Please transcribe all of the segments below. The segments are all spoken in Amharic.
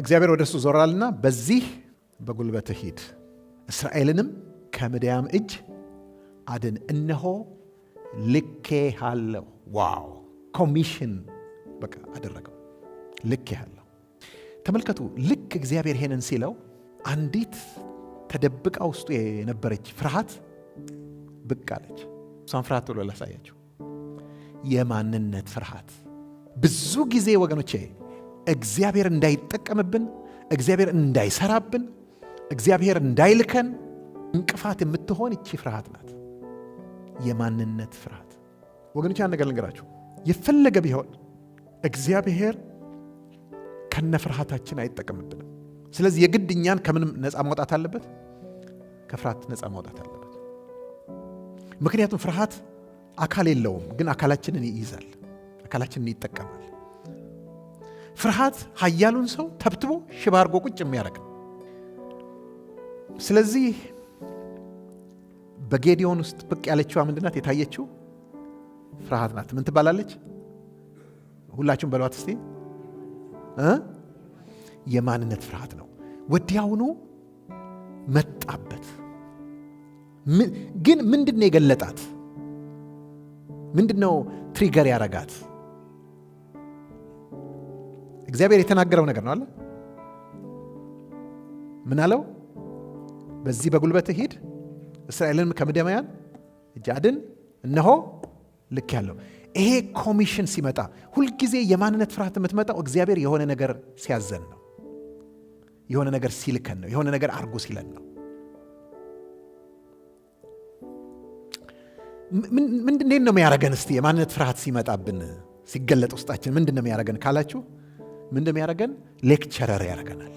እግዚአብሔር ወደ እሱ ዞራልና በዚህ በጉልበትህ ሂድ እስራኤልንም ከምድያም እጅ አድን፣ እነሆ ልኬሃለሁ። ዋው ኮሚሽን በቃ አደረገው። ልኬሃለሁ። ተመልከቱ፣ ልክ እግዚአብሔር ይሄንን ሲለው አንዲት ተደብቃ ውስጡ የነበረች ፍርሃት ብቅ አለች። እሷን ፍርሃት ብሎ ላሳያቸው፣ የማንነት ፍርሃት ብዙ ጊዜ ወገኖቼ እግዚአብሔር እንዳይጠቀምብን፣ እግዚአብሔር እንዳይሰራብን፣ እግዚአብሔር እንዳይልከን እንቅፋት የምትሆን እቺ ፍርሃት ናት። የማንነት ፍርሃት ወገኖች፣ አንድ ነገር ልንገራችሁ፣ የፈለገ ቢሆን እግዚአብሔር ከነ ፍርሃታችን አይጠቀምብንም። ስለዚህ የግድ እኛን ከምንም ነፃ ማውጣት አለበት፣ ከፍርሃት ነፃ ማውጣት አለበት። ምክንያቱም ፍርሃት አካል የለውም፣ ግን አካላችንን ይይዛል፣ አካላችንን ይጠቀማል። ፍርሃት ኃያሉን ሰው ተብትቦ ሽባ አድርጎ ቁጭ የሚያደርግ ነው። ስለዚህ በጌዲዮን ውስጥ ብቅ ያለችዋ ምንድናት? የታየችው ፍርሃት ናት። ምን ትባላለች? ሁላችሁም በሏት እስቲ። የማንነት ፍርሃት ነው። ወዲያውኑ መጣበት። ግን ምንድን ነው የገለጣት? ምንድን ነው ትሪገር ያረጋት? እግዚአብሔር የተናገረው ነገር ነው አለ። ምን አለው? በዚህ በጉልበት ሂድ፣ እስራኤልን ከምደማያን እጃድን አድን፣ እነሆ ልክ ያለው ይሄ ኮሚሽን ሲመጣ ሁልጊዜ የማንነት ፍርሃት የምትመጣው እግዚአብሔር የሆነ ነገር ሲያዘን ነው። የሆነ ነገር ሲልከን ነው። የሆነ ነገር አርጎ ሲለን ነው። ምንድን ነው የሚያረገን እስቲ የማንነት ፍርሃት ሲመጣብን ሲገለጥ ውስጣችን ምንድን ነው የሚያረገን ካላችሁ ምንድም ያደረገን ሌክቸረር ያደረገናል።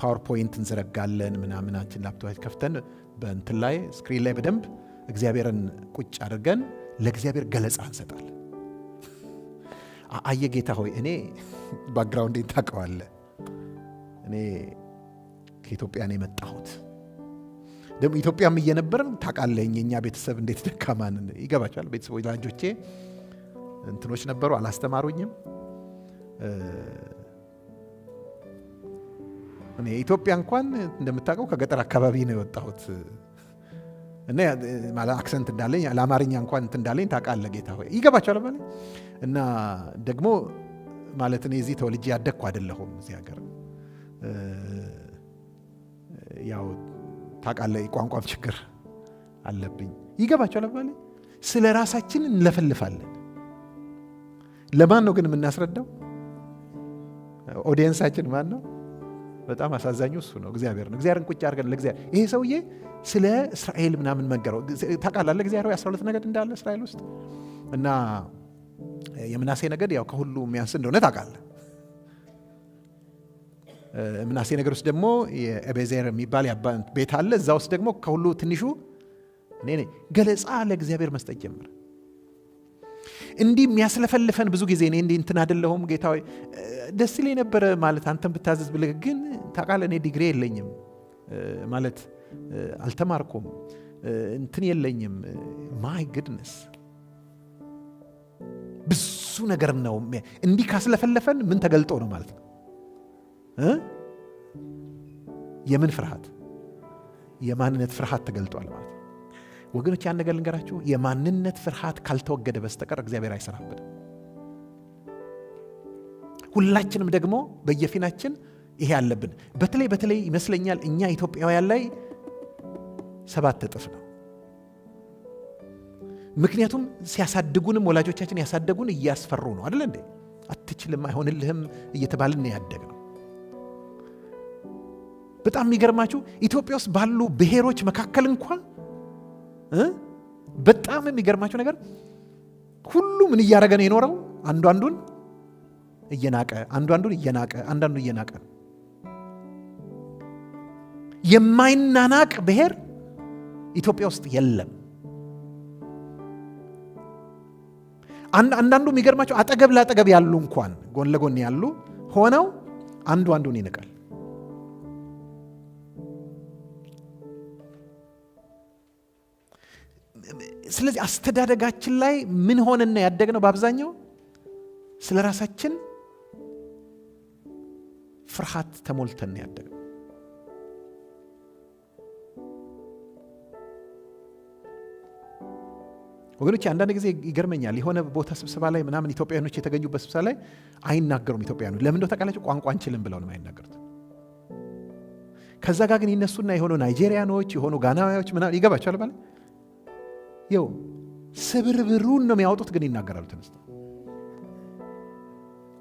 ፓወርፖይንት እንዘረጋለን ምናምናችን ላፕቶፕ ከፍተን በእንትን ላይ ስክሪን ላይ በደንብ እግዚአብሔርን ቁጭ አድርገን ለእግዚአብሔር ገለጻ እንሰጣል። አየ ጌታ ሆይ እኔ ባክግራውንድ ታውቀዋለህ። እኔ ከኢትዮጵያ ነው የመጣሁት። ደግሞ ኢትዮጵያም እየነበርን ታውቃለህ፣ የእኛ ቤተሰብ እንዴት ደካማን ይገባቸዋል። ቤተሰቦች ላጆቼ እንትኖች ነበሩ፣ አላስተማሩኝም። እኔ ኢትዮጵያ እንኳን እንደምታውቀው ከገጠር አካባቢ ነው የወጣሁት እና አክሰንት እንዳለኝ ለአማርኛ እንኳን እንትን እንዳለኝ ታውቃለህ ጌታ ሆይ ይገባቸዋል ባለኝ እና ደግሞ ማለት እኔ እዚህ ተወልጄ ያደግኩ አይደለሁም እዚህ ሀገር ያው ታውቃለህ ቋንቋም ችግር አለብኝ ይገባቸዋል ባለኝ ስለ ራሳችን እንለፈልፋለን ለማን ነው ግን የምናስረዳው ኦዲየንሳችን ማን ነው? በጣም አሳዛኙ እሱ ነው። እግዚአብሔር ነው። እግዚአብሔርን ቁጭ አድርገን ለእግዚአብሔር ይሄ ሰውዬ ስለ እስራኤል ምናምን መንገረው ታውቃላለህ። እግዚአብሔር አስራ ሁለት ነገድ እንዳለ እስራኤል ውስጥ እና የምናሴ ነገድ ያው ከሁሉ የሚያንስ እንደሆነ ታውቃለህ። ምናሴ ነገድ ውስጥ ደግሞ የኤቤዜር የሚባል ቤት አለ። እዛ ውስጥ ደግሞ ከሁሉ ትንሹ እኔ ገለጻ ለእግዚአብሔር መስጠት ጀምር እንዲህ የሚያስለፈልፈን ብዙ ጊዜ እኔ እንዲህ እንትን አደለሁም ጌታ ሆይ ደስ ይለኝ ነበረ ማለት አንተን ብታዘዝ ብልህ፣ ግን ታውቃለህ እኔ ዲግሪ የለኝም ማለት አልተማርኩም እንትን የለኝም። ማይ ግድነስ ብዙ ነገር ነው። እንዲህ ካስለፈለፈን ምን ተገልጦ ነው ማለት ነው? የምን ፍርሃት? የማንነት ፍርሃት ተገልጧል ማለት ነው። ወገኖች ያን ነገር ልንገራችሁ፣ የማንነት ፍርሃት ካልተወገደ በስተቀር እግዚአብሔር አይሰራብን። ሁላችንም ደግሞ በየፊናችን ይሄ አለብን። በተለይ በተለይ ይመስለኛል እኛ ኢትዮጵያውያን ላይ ሰባት እጥፍ ነው። ምክንያቱም ሲያሳድጉንም ወላጆቻችን ያሳደጉን እያስፈሩ ነው አደለ እንዴ? አትችልም፣ አይሆንልህም እየተባልን ያደግ ነው። በጣም የሚገርማችሁ ኢትዮጵያ ውስጥ ባሉ ብሔሮች መካከል እንኳን በጣም የሚገርማቸው ነገር ሁሉ ምን እያደረገ ነው የኖረው? አንዱ አንዱን እየናቀ አንዱ አንዱን እየናቀ አንዳንዱ እየናቀ የማይናናቅ ብሔር ኢትዮጵያ ውስጥ የለም። አንዳንዱ የሚገርማቸው አጠገብ ለአጠገብ ያሉ እንኳን ጎን ለጎን ያሉ ሆነው አንዱ አንዱን ይንቃል። ስለዚህ አስተዳደጋችን ላይ ምን ሆነና ያደግነው? በአብዛኛው ስለ ራሳችን ፍርሃት ተሞልተን ያደግነው። ወገኖች አንዳንድ ጊዜ ይገርመኛል። የሆነ ቦታ ስብሰባ ላይ ምናምን ኢትዮጵያኖች የተገኙበት ስብሰባ ላይ አይናገሩም። ኢትዮጵያኖች ለምን እንደው ታውቃላችሁ? ቋንቋ አንችልም ብለው ነው አይናገሩት። ከዛ ጋር ግን ይነሱና የሆኑ ናይጄሪያኖች የሆኑ ጋናዊያዎች ምናምን ይገባቸዋል ማለት ይው ስብርብሩን ነው የሚያወጡት፣ ግን ይናገራሉ። ተነስተው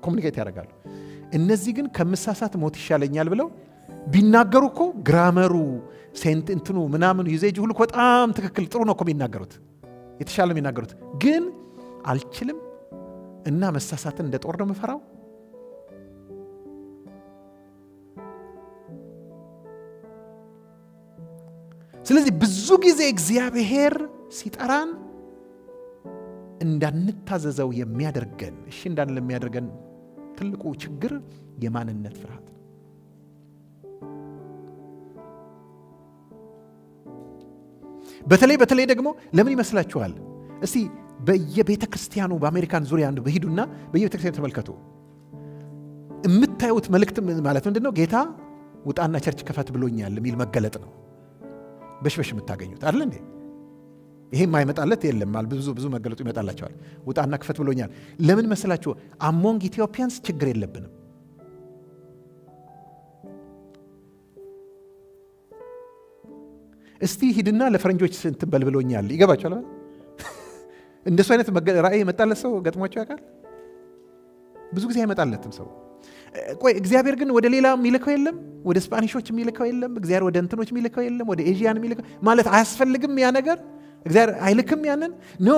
ኮሚኒኬት ያደርጋሉ። እነዚህ ግን ከምሳሳት ሞት ይሻለኛል ብለው ቢናገሩ እኮ ግራመሩ ሴንት እንትኑ ምናምን ዩዜጅ ሁሉ በጣም ትክክል ጥሩ ነው እኮ የሚናገሩት፣ የተሻለ የሚናገሩት ግን አልችልም እና መሳሳትን እንደ ጦር ነው የምፈራው ስለዚህ ብዙ ጊዜ እግዚአብሔር ሲጠራን እንዳንታዘዘው የሚያደርገን እሺ እንዳን ለሚያደርገን ትልቁ ችግር የማንነት ፍርሃት ነው። በተለይ በተለይ ደግሞ ለምን ይመስላችኋል? እስቲ በየቤተ ክርስቲያኑ በአሜሪካን ዙሪያ አንዱ በሂዱና በየቤተ ክርስቲያኑ ተመልከቱ። የምታዩት መልእክት ማለት ምንድን ነው? ጌታ ውጣና ቸርች ክፈት ብሎኛል የሚል መገለጥ ነው። በሽበሽ የምታገኙት አይደል እንዴ? ይሄ የማይመጣለት የለም። ብዙ ብዙ መገለጡ ይመጣላቸዋል። ውጣና ክፈት ብሎኛል። ለምን መሰላችሁ? አሞንግ ኢትዮጵያንስ ችግር የለብንም። እስቲ ሂድና ለፈረንጆች ስንትበል በል ብሎኛል። ይገባቸዋል። እንደሱ አይነት ራእይ የመጣለት ሰው ገጥሟቸው ያውቃል? ብዙ ጊዜ አይመጣለትም ሰው። ቆይ እግዚአብሔር ግን ወደ ሌላ የሚልከው የለም፣ ወደ ስፓኒሾች የሚልከው የለም፣ እግዚአብሔር ወደ እንትኖች የሚልከው የለም፣ ወደ ኤዥያን የሚልከው ማለት አያስፈልግም ያ ነገር እግዚአብሔር አይልክም ያንን ኖ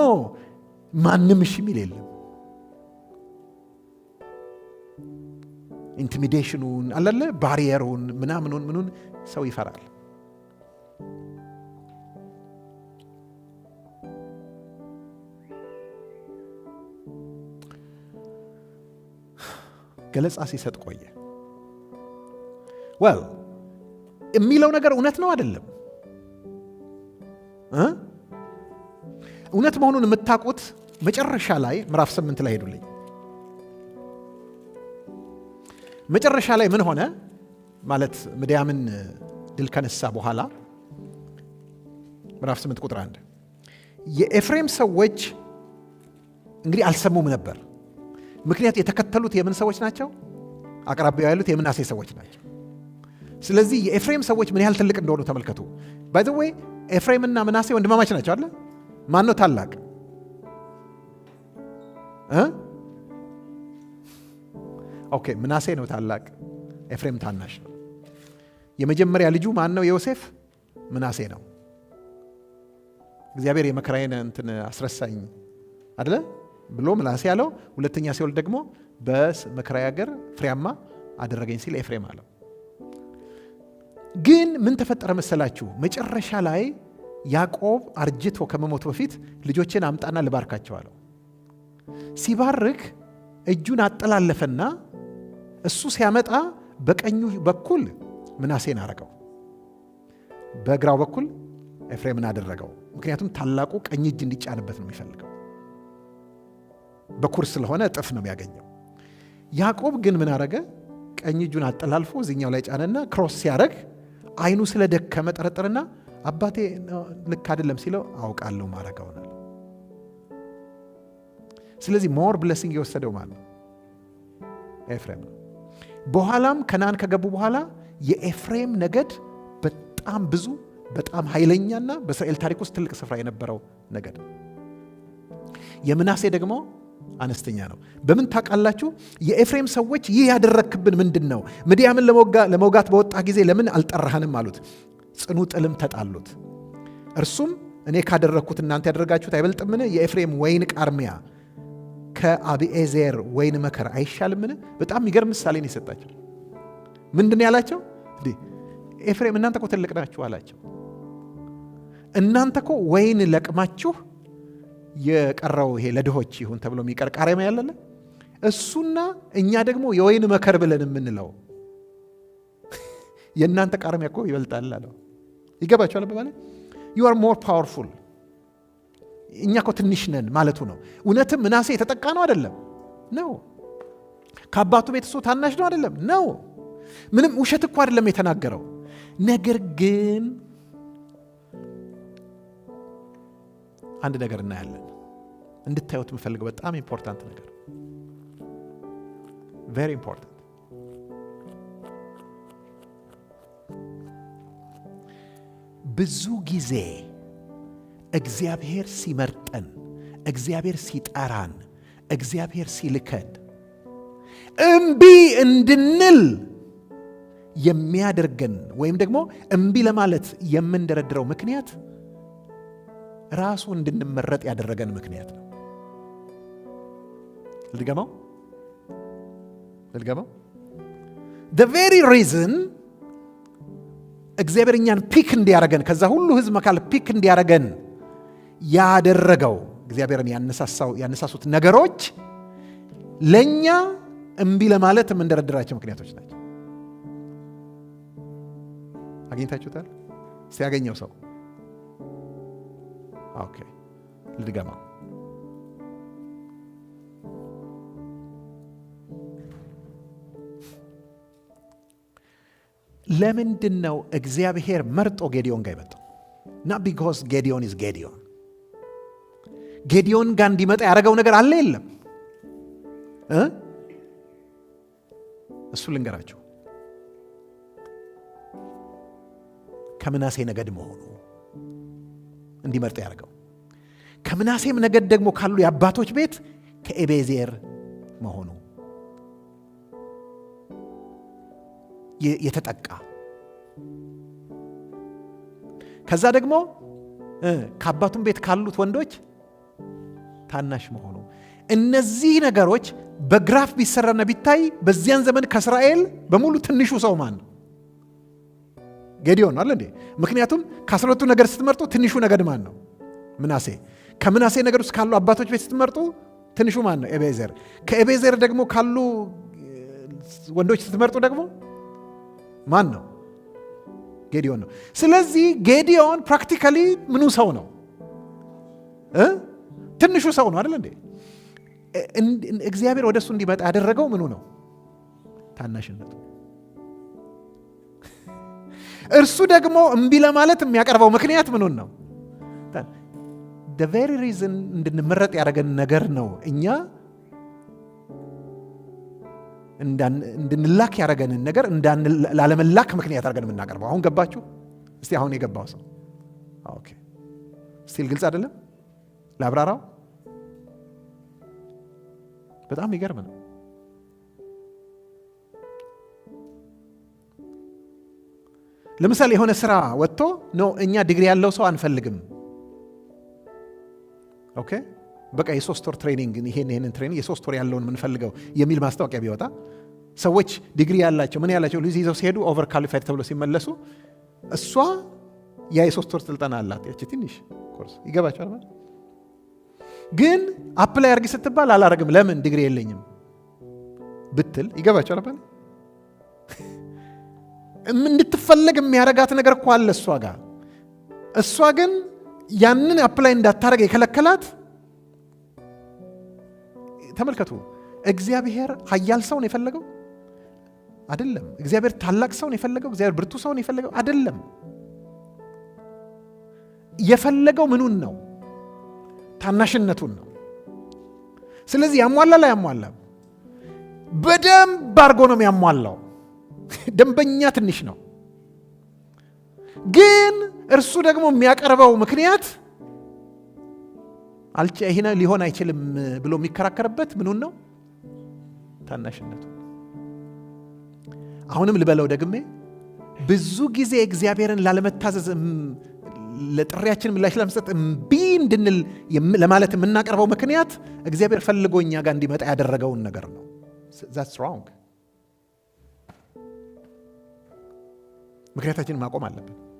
ማንም እሺ የሚል የለም። ኢንቲሚዴሽኑን አለለ ባሪየሩን ምናምኑን ምኑን ሰው ይፈራል። ገለጻ ሲሰጥ ቆየ። ወል የሚለው ነገር እውነት ነው አይደለም? እውነት መሆኑን የምታውቁት መጨረሻ ላይ ምዕራፍ ስምንት ላይ ሄዱልኝ። መጨረሻ ላይ ምን ሆነ ማለት ምድያምን ድል ከነሳ በኋላ ምዕራፍ ስምንት ቁጥር አንድ የኤፍሬም ሰዎች እንግዲህ አልሰሙም ነበር። ምክንያት የተከተሉት የምን ሰዎች ናቸው? አቅራቢያው ያሉት የምናሴ ሰዎች ናቸው። ስለዚህ የኤፍሬም ሰዎች ምን ያህል ትልቅ እንደሆኑ ተመልከቱ። ባይዘወይ ኤፍሬምና ምናሴ ወንድማማች ናቸው አለ ማን ነው ታላቅ? ኦኬ ምናሴ ነው ታላቅ። ኤፍሬም ታናሽ ነው። የመጀመሪያ ልጁ ማን ነው? ዮሴፍ ምናሴ ነው። እግዚአብሔር የመከራዬን እንትን አስረሳኝ አደለ ብሎ ምናሴ አለው። ሁለተኛ ሲወልድ ደግሞ በመከራዬ ሀገር ፍሬያማ አደረገኝ ሲል ኤፍሬም አለው። ግን ምን ተፈጠረ መሰላችሁ መጨረሻ ላይ ያዕቆብ አርጅቶ ከመሞቱ በፊት ልጆችን አምጣና ልባርካቸው አለው። ሲባርክ እጁን አጠላለፈና እሱ ሲያመጣ በቀኙ በኩል ምናሴን አረገው፣ በግራው በኩል ኤፍሬምን አደረገው። ምክንያቱም ታላቁ ቀኝ እጅ እንዲጫንበት ነው የሚፈልገው። በኩር ስለሆነ እጥፍ ነው የሚያገኘው። ያዕቆብ ግን ምን አረገ? ቀኝ እጁን አጠላልፎ እዚኛው ላይ ጫነና ክሮስ ሲያረግ አይኑ ስለደከመ ጠረጠርና አባቴ ልክ አይደለም ሲለው አውቃለሁ ማረገውናል። ስለዚህ ሞር ብለሲንግ የወሰደው ማለት ነው ኤፍሬም ነው። በኋላም ከናን ከገቡ በኋላ የኤፍሬም ነገድ በጣም ብዙ በጣም ኃይለኛና በእስራኤል ታሪክ ውስጥ ትልቅ ስፍራ የነበረው ነገድ የምናሴ ደግሞ አነስተኛ ነው። በምን ታውቃላችሁ? የኤፍሬም ሰዎች ይህ ያደረክብን ምንድን ነው? ምድያምን ለመውጋት በወጣ ጊዜ ለምን አልጠራህንም አሉት። ጽኑ ጥልም ተጣሉት። እርሱም እኔ ካደረግኩት እናንተ ያደረጋችሁት አይበልጥምን? የኤፍሬም ወይን ቃርሚያ ከአብኤዜር ወይን መከር አይሻልምን? በጣም የሚገርም ምሳሌ የሰጣቸው። ምንድን ያላቸው? ኤፍሬም እናንተ ኮ ትልቅ ናችሁ አላቸው። እናንተ ኮ ወይን ለቅማችሁ የቀረው ይሄ ለድሆች ይሁን ተብሎ የሚቀር ቃሪማ ያለለ እሱና እኛ ደግሞ የወይን መከር ብለን የምንለው የእናንተ ቃርሚያ እኮ ይበልጣል አለው። ይገባቸዋል በማለት ዩ አር ሞር ፓወርፉል እኛ እኮ ትንሽ ነን ማለቱ ነው። እውነትም ምናሴ የተጠቃ ነው አይደለም? ነው። ከአባቱ ቤት ታናሽ ነው አይደለም? ነው። ምንም ውሸት እኮ አይደለም የተናገረው። ነገር ግን አንድ ነገር እናያለን፣ እንድታዩት የምፈልገው በጣም ኢምፖርታንት ነገር ቨሪ ኢምፖርታንት ብዙ ጊዜ እግዚአብሔር ሲመርጠን፣ እግዚአብሔር ሲጠራን፣ እግዚአብሔር ሲልከን እምቢ እንድንል የሚያደርገን ወይም ደግሞ እምቢ ለማለት የምንደረድረው ምክንያት ራሱ እንድንመረጥ ያደረገን ምክንያት ነው። ልድገመው ልድገመው። the very reason እግዚአብሔር እኛን ፒክ እንዲያረገን ከዛ ሁሉ ህዝብ መካከል ፒክ እንዲያረገን ያደረገው እግዚአብሔርን ያነሳሱት ነገሮች ለእኛ እምቢ ለማለት የምንደረድራቸው ምክንያቶች ናቸው። አግኝታችሁታል? ሲያገኘው ሰው ልድገማ። ለምንድን ነው እግዚአብሔር መርጦ ጌዲዮን ጋር ይመጣው ና ቢኮዝ ጌዲዮን ኢዝ ጌዲዮን። ጌዲዮን ጋር እንዲመጣ ያደረገው ነገር አለ የለም? እሱ ልንገራቸው ከምናሴ ነገድ መሆኑ እንዲመርጥ ያደርገው ከምናሴም ነገድ ደግሞ ካሉ የአባቶች ቤት ከኤቤዜር መሆኑ የተጠቃ ከዛ ደግሞ ከአባቱም ቤት ካሉት ወንዶች ታናሽ መሆኑ እነዚህ ነገሮች በግራፍ ቢሰራና ቢታይ በዚያን ዘመን ከእስራኤል በሙሉ ትንሹ ሰው ማን ነው? ጌዲዮን አለ እንዴ? ምክንያቱም ከአስራቱ ነገር ስትመርጡ ትንሹ ነገድ ማን ነው? ምናሴ። ከምናሴ ነገር ውስጥ ካሉ አባቶች ቤት ስትመርጡ ትንሹ ማን ነው? ኤቤዘር። ከኤቤዘር ደግሞ ካሉ ወንዶች ስትመርጡ ደግሞ ማን ነው? ጌዲዮን ነው። ስለዚህ ጌዲዮን ፕራክቲካሊ ምኑ ሰው ነው? ትንሹ ሰው ነው አይደል እንዴ? እግዚአብሔር ወደ እሱ እንዲመጣ ያደረገው ምኑ ነው? ታናሽነቱ። እርሱ ደግሞ እምቢ ለማለት የሚያቀርበው ምክንያት ምኑን ነው? ቨሪ ሪዝን እንድንመረጥ ያደረገን ነገር ነው እኛ እንድንላክ ያደረገንን ነገር ላለመላክ ምክንያት አድርገን የምናቀርበው። አሁን ገባችሁ? እስቲ አሁን የገባው ሰው ኦኬ፣ ስቲል ግልጽ አይደለም። ለአብራራው በጣም ይገርም ነው። ለምሳሌ የሆነ ስራ ወጥቶ ነው እኛ ዲግሪ ያለው ሰው አንፈልግም። ኦኬ በቃ የሶስት ወር ትሬኒንግ ይሄን ይሄንን ትሬኒንግ የሶስት ወር ያለውን የምንፈልገው የሚል ማስታወቂያ ቢወጣ ሰዎች ዲግሪ ያላቸው ምን ያላቸው ልጅ ይዘው ሲሄዱ ኦቨር ካሊፋይድ ተብሎ ሲመለሱ እሷ ያ የሶስት ወር ስልጠና አላት ያቺ ትንሽ ኮርስ ይገባቸዋል ማለት ግን አፕላይ አርጊ ስትባል አላረግም ለምን ዲግሪ የለኝም ብትል ይገባቸዋል ማለት እንድትፈለግ የሚያረጋት ነገር እኮ አለ እሷ ጋር እሷ ግን ያንን አፕላይ እንዳታረግ የከለከላት ተመልከቱ፣ እግዚአብሔር ሀያል ሰውን የፈለገው አይደለም። እግዚአብሔር ታላቅ ሰውን የፈለገው፣ እግዚአብሔር ብርቱ ሰውን የፈለገው አይደለም። የፈለገው ምኑን ነው? ታናሽነቱን ነው። ስለዚህ ያሟላ ላይ ያሟላ በደንብ አድርጎ ነው የሚያሟላው። ደንበኛ ትንሽ ነው፣ ግን እርሱ ደግሞ የሚያቀርበው ምክንያት አልጨ ይሄ ሊሆን አይችልም ብሎ የሚከራከርበት ምኑን ነው? ታናሽነቱ። አሁንም ልበለው ደግሜ፣ ብዙ ጊዜ እግዚአብሔርን ላለመታዘዝ ለጥሪያችን ምላሽ ለመስጠት እምቢ እንድንል ለማለት የምናቀርበው ምክንያት እግዚአብሔር ፈልጎ እኛ ጋር እንዲመጣ ያደረገውን ነገር ነው። ዛትስ ሮንግ። ምክንያታችን ማቆም አለብን።